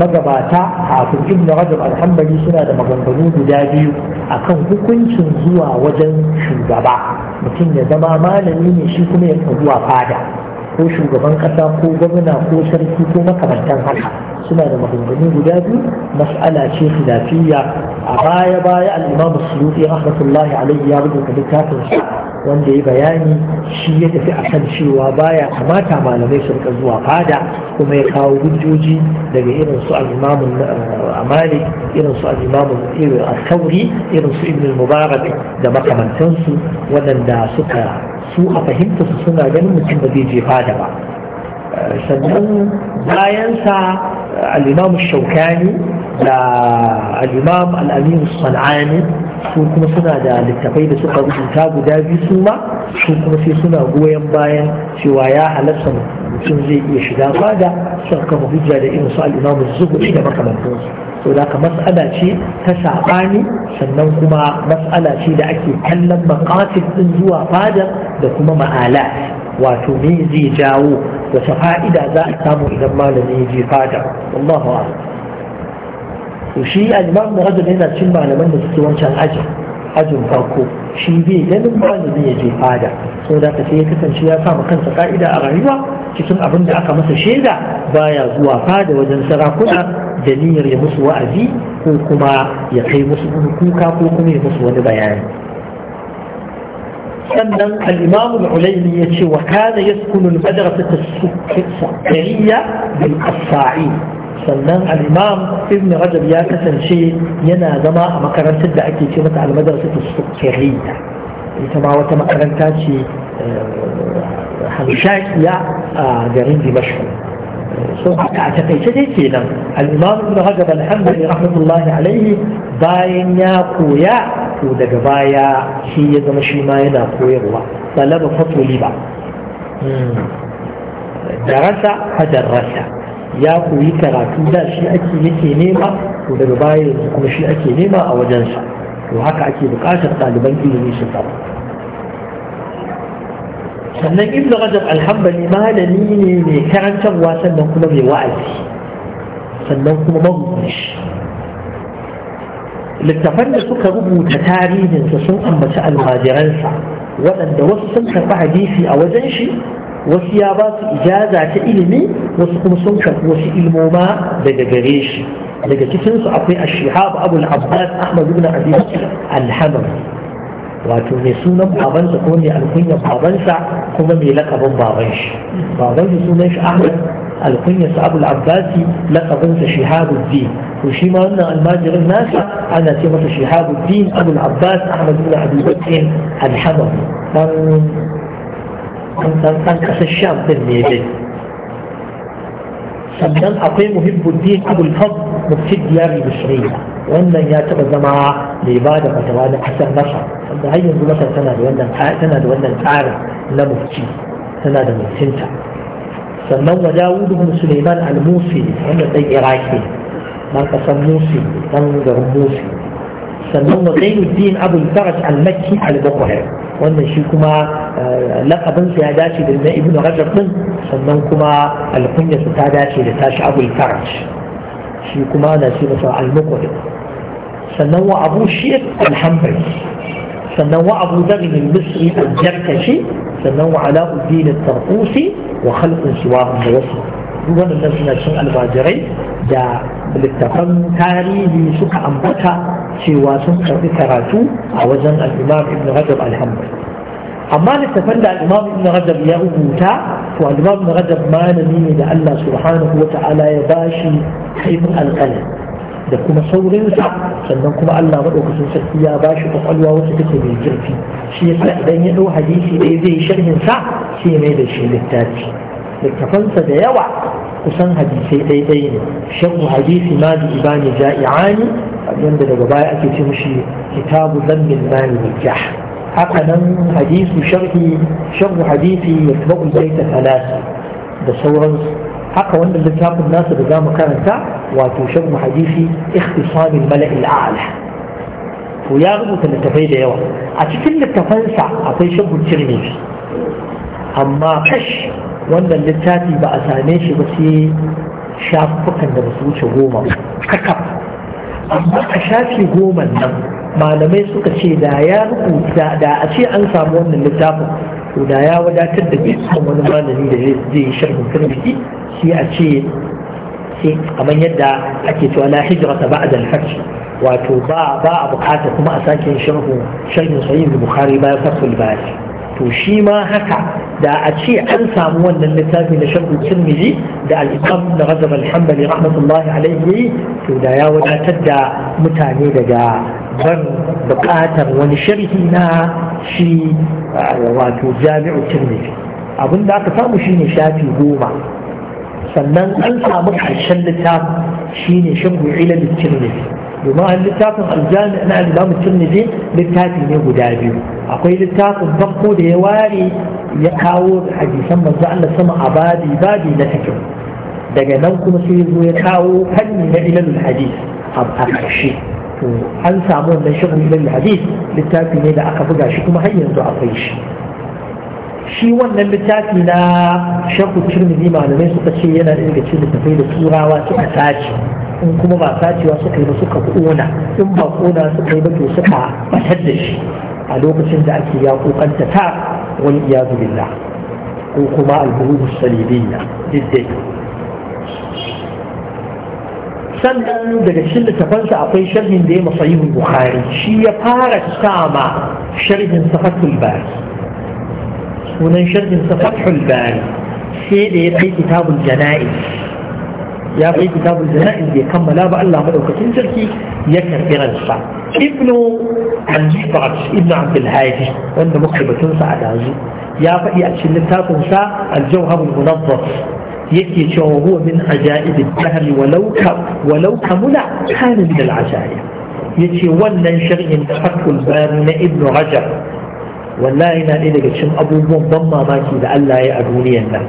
magabata kafin ibn rajab alhambali suna da maganganu guda biyu akan hukuncin zuwa wajen shugaba mutum ya zama malami ne shi kuma ya zuwa fada ko shugaban ƙasa ko gwamna ko sarki ko makamantan haka suna da maganganu guda biyu mas'ala ce khilafiyya a baya baya al-imam suyuti rahmatullahi alayhi ya rubuta littafin shi wanda ya bayani shi ya tafi akan cewa baya kamata malamai su rika zuwa fada kuma ya kawo hujjoji daga irin su al-imam amali eh, irin su al-imam al-thawri irin su ibn al-mubarak da makamantansu waɗanda suka su a fahimta su suna ganin mutum ba zai je fada ba sannan bayansa al'imamu shaukani da al'imam al'aminu sun su kuma suna da littafai da suka rubuta guda biyu su ma su kuma sai suna goyon bayan cewa ya halatta mutum zai iya shiga fada suka kama hujja da irin su al'imamu zuhuri da makamantansu to da mas'ala ce ta saɓani sannan kuma mas'ala ce da ake kallon makasin ɗin zuwa fada da kuma ma'ala wato me zai jawo wata fa'ida za a samu idan malami ya je fada? Wallahu to shi al-imam rajul yana cin malaman da suke wancan ajin ajin farko shi bai ganin malami ya je fada so da ka sai ya kasance ya sa kansa ka'ida a rayuwa cikin abin da aka masa shaida baya zuwa fada wajen sarakuna da niyyar ya musu wa'azi ko kuma ya kai musu kuka ko kuma ya musu wani bayani sannan al-imamu al-ulayni ya ce wa kana yaskunu al-madrasata as-sukkariyya bil qassa'i sannan al-imam ibn rajab ya kasance yana zama a makarantar da ake ce mata al-madrasata as-sukkariyya ita ma wata makaranta ce hamshakiya a garin dimashq so haka a takaice dai kenan al-imam ibn hajar al rahmatullahi alaihi bayan ya koya to daga baya shi ya zama shi ma yana koyarwa talaba fatuli ba hmm. darasa ya koyi karatu da shi ake yake nema to daga baya kuma shi ake nema a wajensa to haka ake bukatar ɗaliban ilimi su zama sannan ibn rajab alhambali malami ne mai karantarwa sannan kuma mai wa'azi sannan kuma marubuci littafan da suka rubuta tarihinsa sun ambaci almajiransa waɗanda wasu sun karɓi hadisi a wajen shi wasu ya ba su ijaza ta ilimi wasu kuma sun karɓi wasu ilmoma daga gare shi daga cikinsu akwai ashihab abul abbas ahmad ibn abi alhamam wato mai sunan babansa ko mai alkunyar babansa kuma mai lakabin baban shi baban shi sunan shi ahmad alkunyar sa abul abbasi lakabin sa shihabuddin to shi ma wannan almajirin nasa ana ce masa shihabuddin abul abbas ahmad ibn abi bakr alhamam dan dan dan kasar sham din ne dai sannan akwai muhibbuddin abul fadl mufti diyar bisriya wannan ya taba zama mai ba da fatawa na kasar masar wanda har yanzu masar tana da wannan tana da wannan tsarin na mufti tana da muftinta sannan wa dawuduhum suleiman al-musi wanda dan iraki dan kasar musi dan garin musi sannan wa zainuddin abul faraj al-makki al-bukhari wannan shi kuma eh, lakabin ya dace da na ibnu rajab din sannan kuma al alkunya ta dace da tashi abu abul faraj shi kuma na shi masa al bukhari sannan wa abu shir alhambali sannan wa abu zarin al-misri al sannan wa ala'uddin al wa khalqun siwahum da wasu duk waɗannan suna cin albajirai da littafan tarihi suka ambata cewa sun karɓi karatu a wajen al-imam ibn rajab al amma littafan da al-imam ibn rajab ya rubuta to al-imam ibn rajab malami ne da Allah subhanahu wa ta'ala ya bashi ilmin alƙalam da kuma saurinsa sannan kuma Allah maɗaukacin sarki ya ba shi kwakwalwa wacce take mai zurfi shi yasa idan ya ɗau hadisi ɗaya zai yi sharhin sa sai mai da shi littafi littafansa da yawa kusan hadisai ɗaiɗai ne shan hadisi ma bi ibani ja'i'ani wanda daga baya ake ce mishi kitabu zambin mani nikah haka nan hadisu sharhi shan hadisi ya tabu zaita talata da sauransu haka wannan littafin nasu da zamu karanta wato shan hadisi ikhtisamin mala'il a'la to ya rubuta littafai da yawa a cikin littafansa akwai shan tirmidhi amma kash wannan littafi ba a same shi ba sai shafukan da ba su wuce goma kakaf amma a shafi goma nan malamai suka ce da ya rubuta da a ce an samu wannan littafin to da ya wadatar da dukkan wani malami da zai yi sharhin biki? sai a ce kamar yadda ake cewa la hijrata ba'da al-fath wato ba ba a bukata kuma a sake sharhu sharhin sahih bukhari ba fathul bari to shi ma haka da a ce an samu wannan littafi na sharhu tirmidhi da al-imam da rajab al-hanbali rahmatullahi alayhi to da ya wadatar da mutane daga ban bukatar wani sharhi na shi wato jami'u tirmidhi abinda aka samu shine shafi goma sannan an samu ƙarshen littafin shine shan ila tirmidhi domin an littafin aljami na alimamu tirmidhi littafi ne guda biyu akwai littafin farko da ya ware ya kawo hadisan manzo Allah sama a babi babi na fikin daga nan kuma sai ya zo ya kawo fanni na ilalul hadis a ƙarshe to an samu wannan shirin ilalul hadis littafi ne da aka buga shi kuma har yanzu akwai shi shi wannan littafi na shakku turmizi malamai suka ce yana da daga cikin littafai da turawa suka tace in kuma ba tacewa suka yi ba suka kona in ba kona suka yi ba to suka batar da shi a lokacin da ake ya kokanta ta wani iyazu billah ko kuma albuhu salibiyya diddai sannan daga cikin littafansa akwai sharhin da ya masayihul bukhari shi ya fara sama sharhin safatul bari وننشرهم فتح الباري سيدي في كتاب الجنائز يا في كتاب الجنائز كم لا بأ الله ملوك تنزلتي يكر في غنصة ابن عبد الحاج ابن عبد الهادي وانه مقربة تنسى على هذه يا فأي أشل التاتنسى الجوهر المنظف يكي شو هو من عجائب الدهر ولو كم ولو كم لا كان من العجائب يكي ولن شرع تفك الباب ابن رجب wallahi na ɗaya daga cikin abubuwan ban mamaki da Allah ya a duniyan nan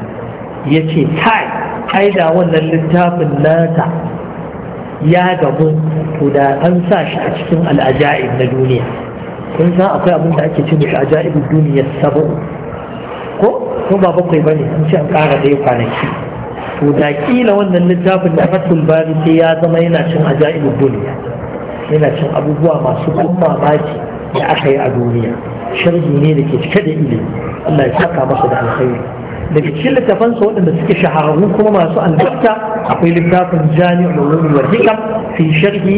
ya ce kai ai da wannan littafin nata ya gamu to da an sa shi a cikin al'aja'ib na duniya kun san akwai abin da ake ce mishi aja'ib duniya sabo ko ko ba bakwai bane an ce an ƙara ɗaya kwanaki to da kila wannan littafin da fatul bari sai ya zama yana cin aja'ib duniya yana cin abubuwa masu ban mamaki da aka yi a duniya sharhi ne da ke cike da ilimi Allah ya saka masa da alkhairi daga cikin littafansa waɗanda suke shahararru kuma masu albarka akwai littafin jami'ul ulum wal hikam fi sharhi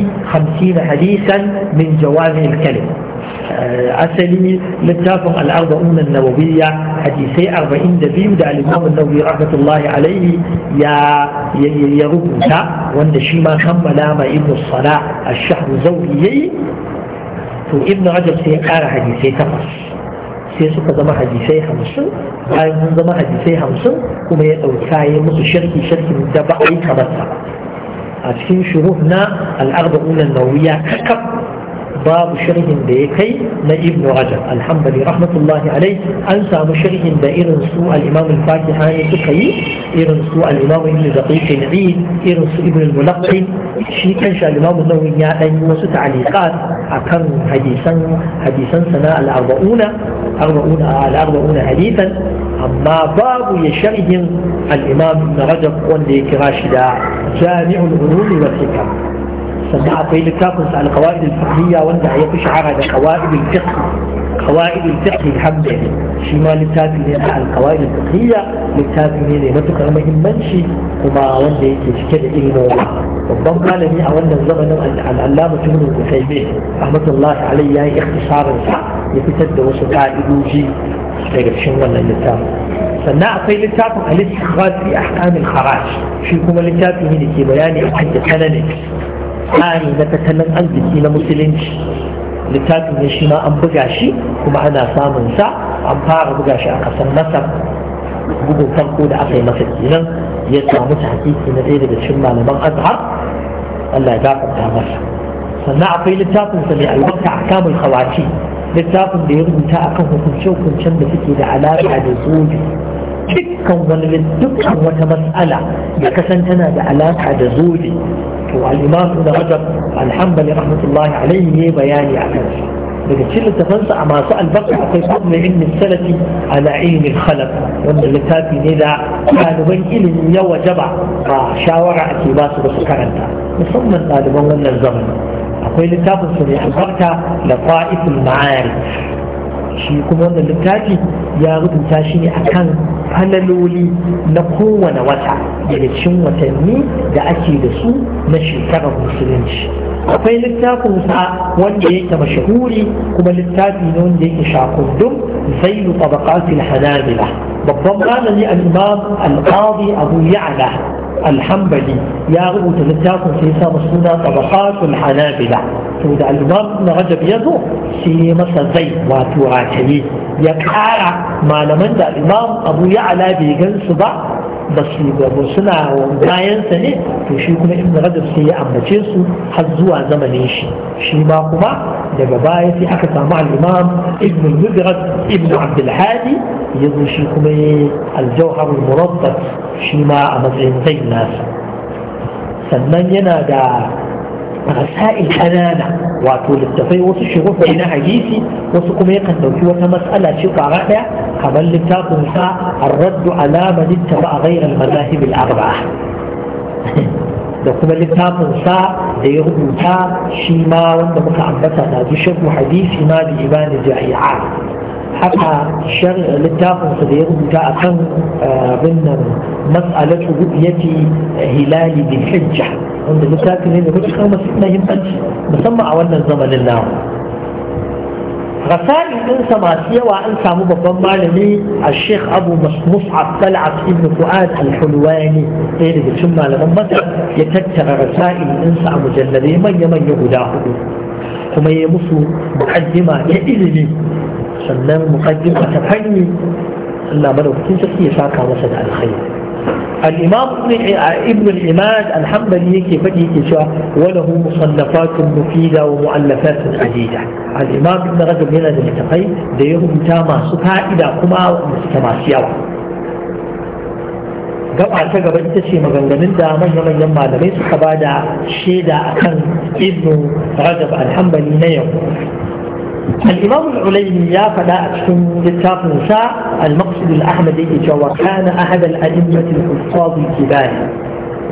50 hadisan min jawami al-kalim eh, asali littafin al'arba arbaun nawawiyya hadisai 42 da al-imam an-nawawi rahmatullahi alayhi ya ya rubuta wanda shi ma kammala ma ibn salah ash-shahr zawi yayi to ibnu rajab sai kara hadisai takwas sai suka zama hadisai hamsin bayan sun zama hadisai hamsin kuma ya ɗauka ya musu sharki sharkin da ba a yi kamar sa a cikin shuruh na al'arba'unan nauyi ya kakaf babu sharhin da ya kai na ibnu rajab alhamdulillah rahmatullahi alai an samu sharhin da irin su al-imam al-fatiha ne suka yi irin su al-imam ibn daqiq al-eid irin su ibn al-mulaqqi shi kanshi al-imam an-nawawi ya dan yi wasu ta'liqat akan hadisan hadisan sana al-arba'una arba'una al-arba'una hadithan amma babu ya sharhin al-imam ibn rajab wanda ya kira shi da jami'ul ulum wal hikam sannan akwai littafin sa al-qawaid al-fiqhiyya wanda ya fi shahara da qawaid al-fiqh qawaid al-fiqh al-hamdani shi ma littafi ne na al-qawaid al-fiqhiyya littafi ne mai matukar muhimmanci kuma wanda yake cike da ilimowa babban malami a wannan zamanin al-allama ibn al-usaymin rahmatullahi alayhi ya yi ikhtisarin sa ya fitar da wasu ka'idoji daga cikin wannan littafin sannan akwai littafin al-istikhraj fi ahkam al-kharaj shi kuma littafi ne da ke bayani akan da tsari na tattalin arziki na musulunci littafin ne shi ma an buga shi kuma ana samun sa an fara buga shi a kasar masar bugun farko da aka yi masa kenan ya samu ta hakiki na ɗaya daga cikin malaman azhar Allah ya gafarta masa sannan akwai littafin sa mai albarka a kamun littafin da ya rubuta akan hukunce-hukuncen da suke da alaƙa da zobe dukkan wani dukkan wata matsala ya kasan tana da alaka da zobe to al-imam ibn rajab rahmatullahi alayhi ne bayani akan shi daga cikin littafansa a masu albarka akwai fadlin ilmin salafi a ilmin khalaf wanda littafi ne da ɗaliban ilimin ya wajaba ba shawara ake ba su da su karanta musamman ɗaliban wannan zamani akwai littafin su ne albarka da fa'ifin ma'arif shi kuma wannan littafi ya rubuta shi ne akan falaloli na kowane wata daga cikin watanni da ake da su na shekarar musulunci akwai littafin wanda yake mashahuri kuma littafi ne wanda yake shakundun zailu tabaqatil hanabila babban malami al-imam al-qadi abu ya'la al-hanbali ya rubuta littafin sai ya sa suna tabaqatul hanabila to da al'imam na rajab ya zo shi ya masa zai wato rataye ya kara malaman da al'imam abu ya ala bai gansu ba ba su gabo suna bayansa ne to shi kuma ibn rajab sai ya ambace su har zuwa zamanin shi shi ma kuma daga baya sai aka samu al-imam ibn mudrad ibn abd al-hadi yanzu shi kuma al-jawhar al-muraddat shi ma a matsayin zai nasa sannan yana da rasa'il kanana wato littafai wasu shirufai na hadisi wasu kuma yakan dauki wata matsala ce kwara daya kamar littafin sa ar-raddu ala man ittaba ghayra al-madahib al-arba'a da kuma littafin sa da ya rubuta shi ma wanda muka ambata da ji hadisi ma bi ibani jahi'a haka shan littafin sa da ya rubuta akan abin nan mas'alatu ru'yati hilali bil hijja wanda littafi ne da matuƙar mahimmanci musamman a wannan zamanin nawa rasa'in sa masu yawa an samu babban malami a sheikh abu mus'ab tal'af ibn fu'ad al-hulwani ɗaya daga cikin malaman masar ya tattara rasa'in sa a mujalladai manya-manya guda hudu kuma ya musu muƙaddima ya ilimi sannan muƙaddima ta fanni Allah madaukakin sarki ya saka masa da alkhairi الإمام ابن العماد الحنبلي يكفي كشا وله مصنفات مفيدة ومؤلفات عديدة الإمام ابن رجب هنا للتقي ديهم تاما سبها إذا كما مستماسيا gaba ta gaba ita ce maganganun da manya-manyan malamai suka ba da shaida akan ibnu rajab alhambali na yau الإمام العليني يا فلا أتكن لتاق نساء المقصد الأحمدي جوا كان أحد الأئمة الحفاظ الكبار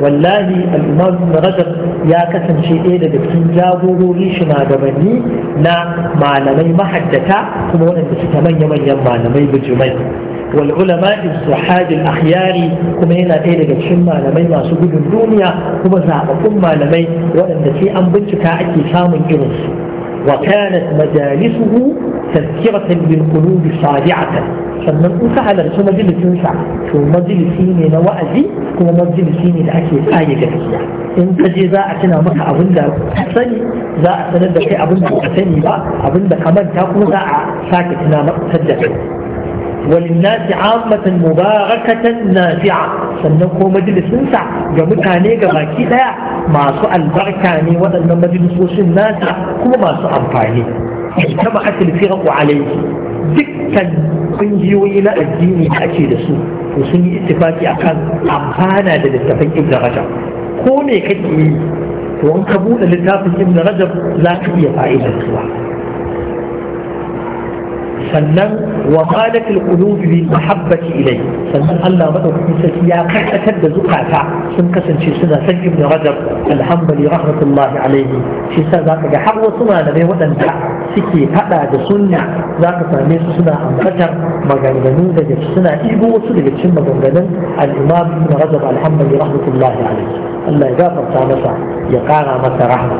والله الإمام ابن رجب يا كسن شيء إذا بكين جابوا ريشنا دبني نا معلمي محدثة كما أن تتمنى من يمعلمي بجمعي والعلماء الصحاد الأخيار كما هنا إيه لك شما لمي ما سجد الدنيا كما زعب أم لمي وأن في أنبتك أكي سام إرس وكانت مجالسه تذكرة للقلوب صادعة sannan in ka halarci majalisinsa to majalisi ne na wa'azi kuma majalisi ne da ake tsaye gaskiya in ka je za a tuna maka abin da sani za a sanar da kai abin da ka sani ba abin da ka manta kuma za a sake tuna maka da kai وللناس عامة مباركة نافعة ko مجلس انسع mutane ga لا ɗaya سؤال بركاني وأن مجلس وسن nasa kuma masu سؤال فاني اجتمعت الفرق عليه دكا kungiyoyi na addini ake da su to sun yi ittifaki akan amfana da littafin ibn rajab ko me kake yi to ka buɗe littafin ibn za ka iya fa'idar sannan wa qalatil qulubi bi mahabbati ilai sannan Allah madaukakin sarki ya karkatar da zukata sun kasance suna san ibn rajab alhamdulillah rahmatullahi alaihi shi sa zaka ga har wasu malamai waɗanda suke fada da sunna zaka same su suna maganganun da daga suna ibo wasu daga cikin maganganun al-imam ibn rajab alhamdulillah rahmatullahi alaihi Allah ya gafarta masa ya kara masa rahma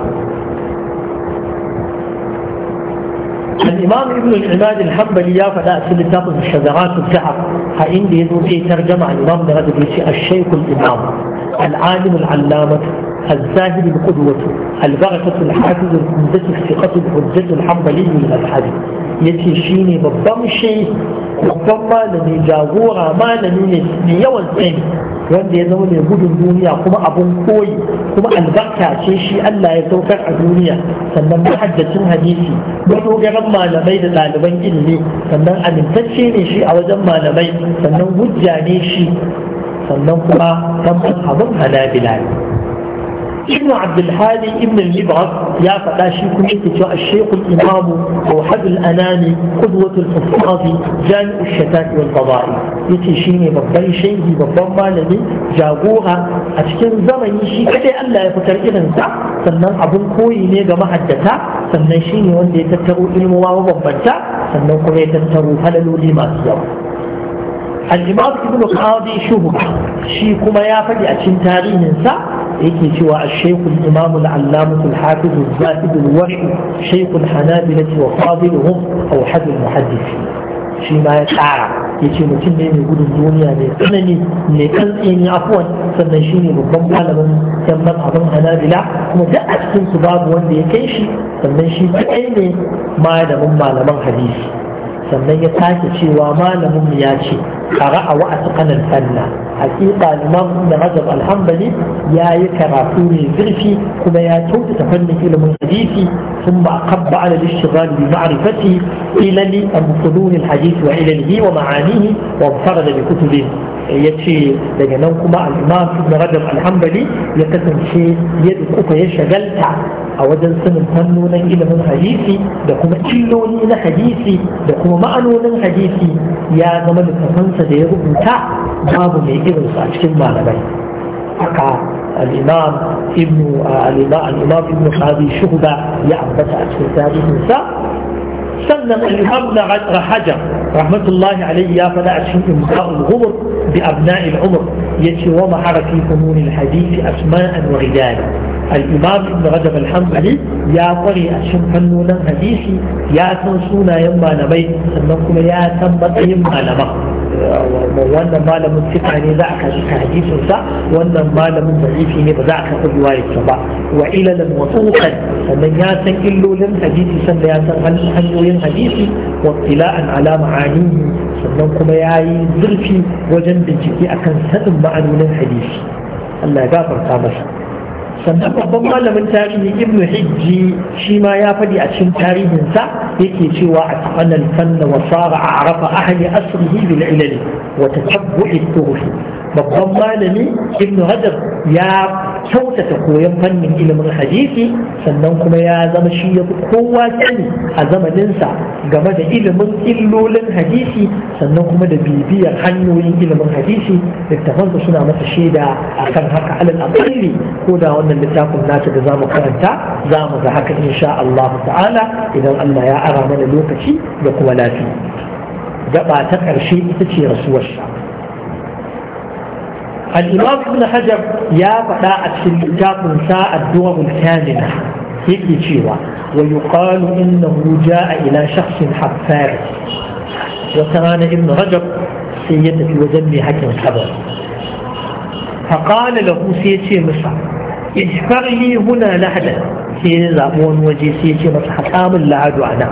الإمام ابن العماد الحنبلي يا فلا أسل تاخذ الشذرات الزعر فإن دي يدو في إيه ترجمة عن الإمام نغد الشيخ الإمام العالم العلامة الزاهد القدوة البركة الحافظ الهمزة الثقة الحجة الحنبلي الحديث yace shine babban shi babban malami jagora malami ne mai yawan tsayi wanda ya zama mai gudun duniya kuma abun koyi kuma albarka ce shi Allah ya saukar a duniya sannan mahaddacin hadisi madogaran malamai da ɗaliban ilimi sannan amintacce ne shi a wajen malamai sannan hujja ne shi sannan kuma kan abun halabila ne ibn abdulhadi ibn libras ya faɗa shi kuma yake cewa shekul imamu tauhadul anani qudwatul fusafi jami'u shatati wal fada'i yace shine babban shehi babban malami jagora a cikin zamani shi kadai Allah ya fitar irin sa sannan abun koyi ne ga mahaddata sannan shi ne wanda ya tattaro ilmuwa mabambanta sannan kuma ya tattaro halaloli masu yawa al-imam ibn qadi shubha shi kuma ya faɗi a cikin tarihin sa yake cewa al-shaykh al-imam al-allamah al-hafiz al-zahid al-washi shaykh al imam al allamah al hafiz al zahid al shaykh al hanabila wa fadiluhum aw hadd al-muhaddithin shi ma ya tsara yace mutum ne mai gudun duniya mai tsanani mai kantsini afuwan sannan shi ne babban malamin yan mazhabin hanabila kuma duk a cikin su babu wanda ya kai shi sannan shi kaɗai ne malamin malaman hadisi sannan ya tashi cewa malamin ya ce qara'a wa atqana fanna hakika imam da mazhab alhambali ya yi karatu ne zurfi kuma ya kyautata fannin ilimin hadisi ثم أقب على الاشتغال wa علل مصدون الحديث wa ومعانيه وانفرد بكتبه ya ce daga nan kuma al'imam ibn rajab alhambali ya kasance yadda uku ya shagalta a wajen sanin fannonin ilimin hadisi da kuma illoli na hadisi da kuma ma'anonin hadisi ya zama littafansa da ya rubuta babu mai irinsu a cikin malamai haka al'imam ibn al'imam ibn sahabi shuhuda ya ambata a cikin tarihinsa sannan al'imam na rahajar rahmatullahi alayhi ya fada a cikin imza'ul gumur bi abna'il umur yace wa maharafi fi fununil hadisi asma'an wa rijali al-imam ibn rajab ya kware a cikin fannonin hadisi ya san sunayen malamai sannan kuma ya san matsayin malaman wannan malamin sifa ne za a karɓi hadisin sa wannan malamin zarifi ne ba za a karɓi riwayarsa ba wa ilalan wa tsukan sannan ya san illolin hadisi sannan ya san hanyoyin hadisi wa tila'an ala ma'anihi sannan kuma ya yi zurfi wajen bincike akan sanin ma'anonin hadisi Allah ya gafarta masa sannan babban malamin tarihi ibn hijji shi ma ya faɗi a cikin tarihinsa yake cewa a tsanan fanna wa sara a arafa ahli asrihi bil ilali wa tatabbu'i turuhi babban malami ibn hajar ya kyautata koyon fannin ilimin hadisi sannan kuma ya zama shi ya fi kowa sani a zamaninsa game da ilimin illolin hadisi sannan kuma da bibiyar hanyoyin ilimin hadisi littafansa suna masa shaida a kan haka alal ko da wannan littafin nasa da za mu karanta za mu ga haka insha Allah ta'ala idan Allah ya ara mana lokaci da kuma lafiya gaba ta ƙarshe ita ce rasuwar sha الإمام ابن حجر يا فتاة الكتاب ساء الدور الكاملة هيك شيوا ويقال إنه جاء إلى شخص حفار وكان ابن رجب سيدة وزمي حكم الخبر فقال له سيتي مصر احفر لي هنا لحدا سيدي زعبون وجي سيتي مصر حقام اللعد أنا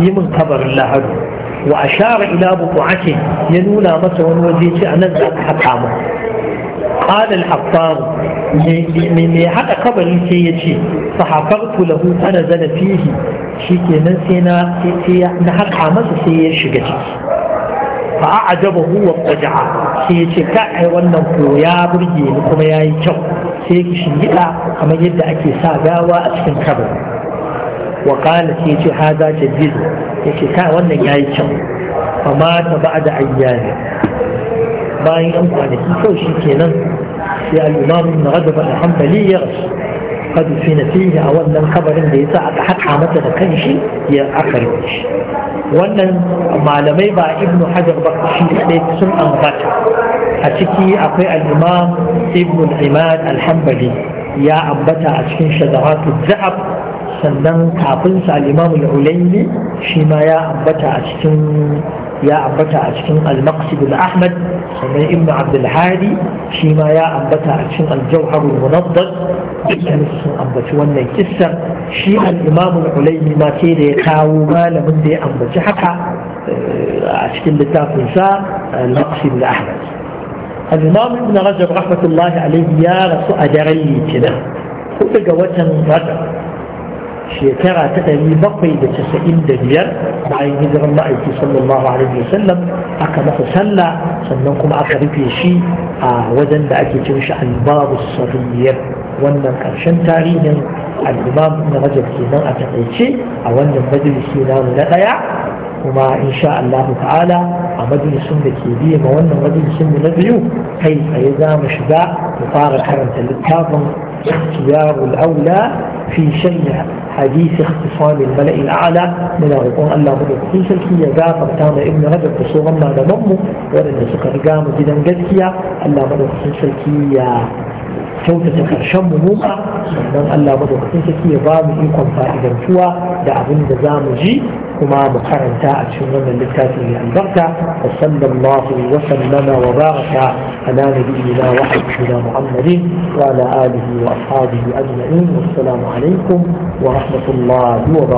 يمن خبر اللعد وأشار إلى بقعته ينولى مصر وجي سيدي أنا حقامه قال الحفار من حق قبل سيتي فحفرت له فنزل فيه شيكي نسينا نحق عمس سيشي فأعجبه وابتجع سيتي كأي ونمكو يا برجي لكم يا يكو سيكي شنجئة كما يبدأ أكي ساقاوة أسكن كبر وقال سيتي هذا جديد يكي كأي ونمكو يا يكو فمات بعد أيام bayan yan kwanaki kawai shi kenan sai al'imam na rajab ba hanbali ya rasu qad na fiye a wannan kabarin da sa aka haƙa masa da kanshi ya aka shi wannan malamai ba ibn hajar ba shi kadai sun ambata a ciki akwai al ibn imad al ya ambata a cikin shadaratu za'ab sannan kafin sa al-imam al-ulayni shi ma ya ambata a cikin يا أنبتا أشكن المقصد الأحمد ومن إبن عبد الحادي فيما يا أنبتا أشكن الجوهر المنضد كنس أنبت وني كسا شيء الإمام العليم ما كيري كاو ما لمن دي أنبت حقا أشكن آه، بتافنسا المقصد الأحمد الإمام ابن رجب رحمة الله عليه يا رسول أجري كنا كنت قوة رجب shekara ta ɗari bakwai da casa'in da biyar bayan hijiran ma'aiki sallallahu alaihi sallam aka masa sallah sannan kuma aka rufe shi a wajen da ake cin shi albabu wannan ƙarshen tarihin al'imam na rajab kenan a taƙaice a wannan majalisi namu na ɗaya kuma insha Allah ta'ala a majalisun da ke biye ma wannan mu na biyu kai tsaye za mu shiga mu fara karanta littafin اختيار الأولى في شيء حديث اختصام الملأ الأعلى من أرقون الله مدرسين سلكي يقاف ارتام ابن رجب بصورة ما دممه ولن سكر قام جدا قدكيا الله مدرسين سلكي kyautata karshen mu mu sannan Allah madaukakin sarki ya ba mu ikon fa'idantuwa da abin da za mu ji kuma mu karanta a cikin wannan littafi mai albarka wa sallallahu wa sallama wa baraka ala nabiyyina wa habibina muhammadin wa ala alihi wa ashabihi ajma'in wassalamu alaikum wa rahmatullahi wa